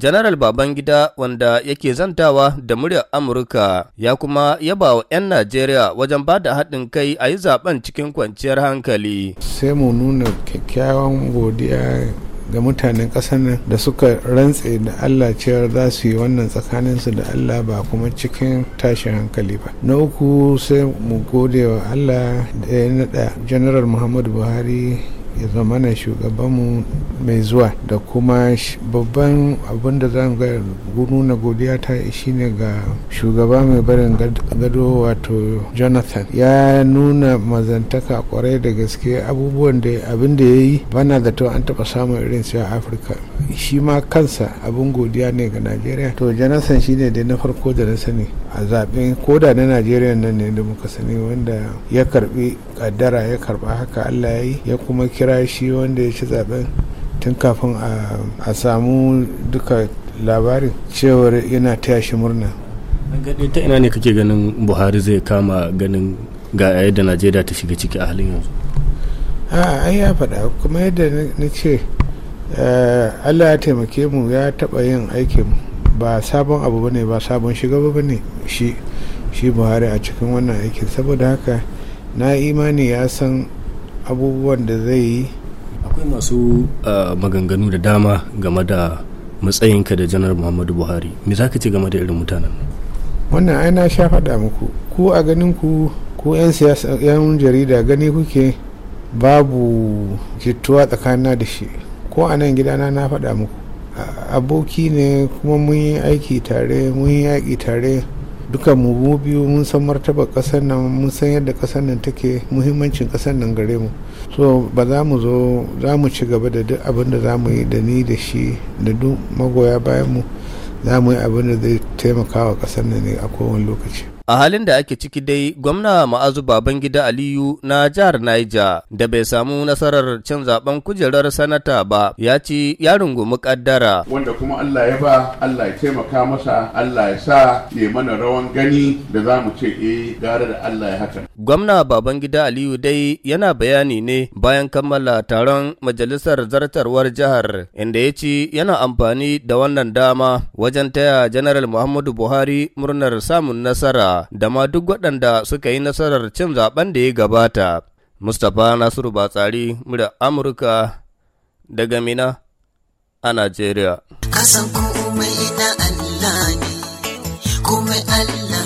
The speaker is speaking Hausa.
Janaral Babangida wanda yake zantawa da muryar Amurka ya kuma yaba wa 'yan Najeriya wajen ba da haɗin kai a yi zaben cikin kwanciyar hankali. Sai mu nuna kyakkyawan godiya ga mutanen ƙasar nan da suka rantse da Allah cewar za su yi wannan tsakaninsu da Allah ba kuma cikin tashin hankali ba. Na uku sai mu gode wa Allah da ya naɗa Janaral Muhammadu Buhari ya zama na shugabanmu mai zuwa da kuma babban abin da zan ga nuna godiya ta shine ga shugaba mai barin gado wato jonathan ya nuna mazantaka kwarai da gaske abubuwan da abin da ya yi bana to an taba samun irin su a afirka shi ma kansa abin godiya ne ga najeriya to jonathan shine da na farko da na sani a zaɓen koda na najeriya nan ne da muka sani wanda ya karbi kaddara ya karba haka allah ya yi ya kuma kira shi wanda ya ci zaɓen tun kafin a samu duka labarin cewar yana taya shi murna gaɗe ta ina ne kake ganin buhari zai kama ganin ga yadda najeriya ta shiga ciki a halin yanzu a ai ya faɗa kuma yadda na ce eh, allah ya taimake mu ya taɓa yin aikin mu ba sabon abu bane ba sabon shugaba bane shi shi buhari a cikin wannan aikin saboda haka na imani ya san abubuwan da zai yi akwai masu maganganu da dama game da matsayinka da janar muhammadu buhari me za ka ce game da irin mutanen wannan ai na sha faɗa muku ku a ganin ku ku 'yan siyasa 'yan jarida gani kuke babu jituwa tsakanina da shi ko a nan gidana na faɗa muku aboki ne kuma mun yi aiki tare mun yi yaƙi tare duka mu biyu mun san martaba ƙasar nan mun san yadda ƙasar nan take muhimmancin ƙasar nan gare mu so ba za mu zo za mu ci gaba da duk abin da za mu yi da ni da shi da duk magoya bayan mu za mu yi abin da zai taimaka wa ƙasar nan ne a kowane lokaci A halin da ake ciki dai gwamna ma'azu Babangida Aliyu na jihar Niger da bai samu nasarar cin zaben kujerar sanata ba ya ci ya rungumi kaddara. Wanda kuma Allah ya ba Allah ya taimaka masa Allah ya sa ya mana rawan gani da za mu ce eh gara da Allah ya haka. Gwamna Babangida Aliyu dai yana bayani ne bayan kammala taron majalisar zartarwar jihar inda ya ci yana amfani da wannan dama wajen taya Janaral Muhammadu Buhari murnar samun nasara. da ma duk waɗanda suka yi nasarar cin zaben da ya gabata. Mustapha Nasiru Batsari, mura Amurka daga Mina a Najeriya. Kasan na Allah ne, Allah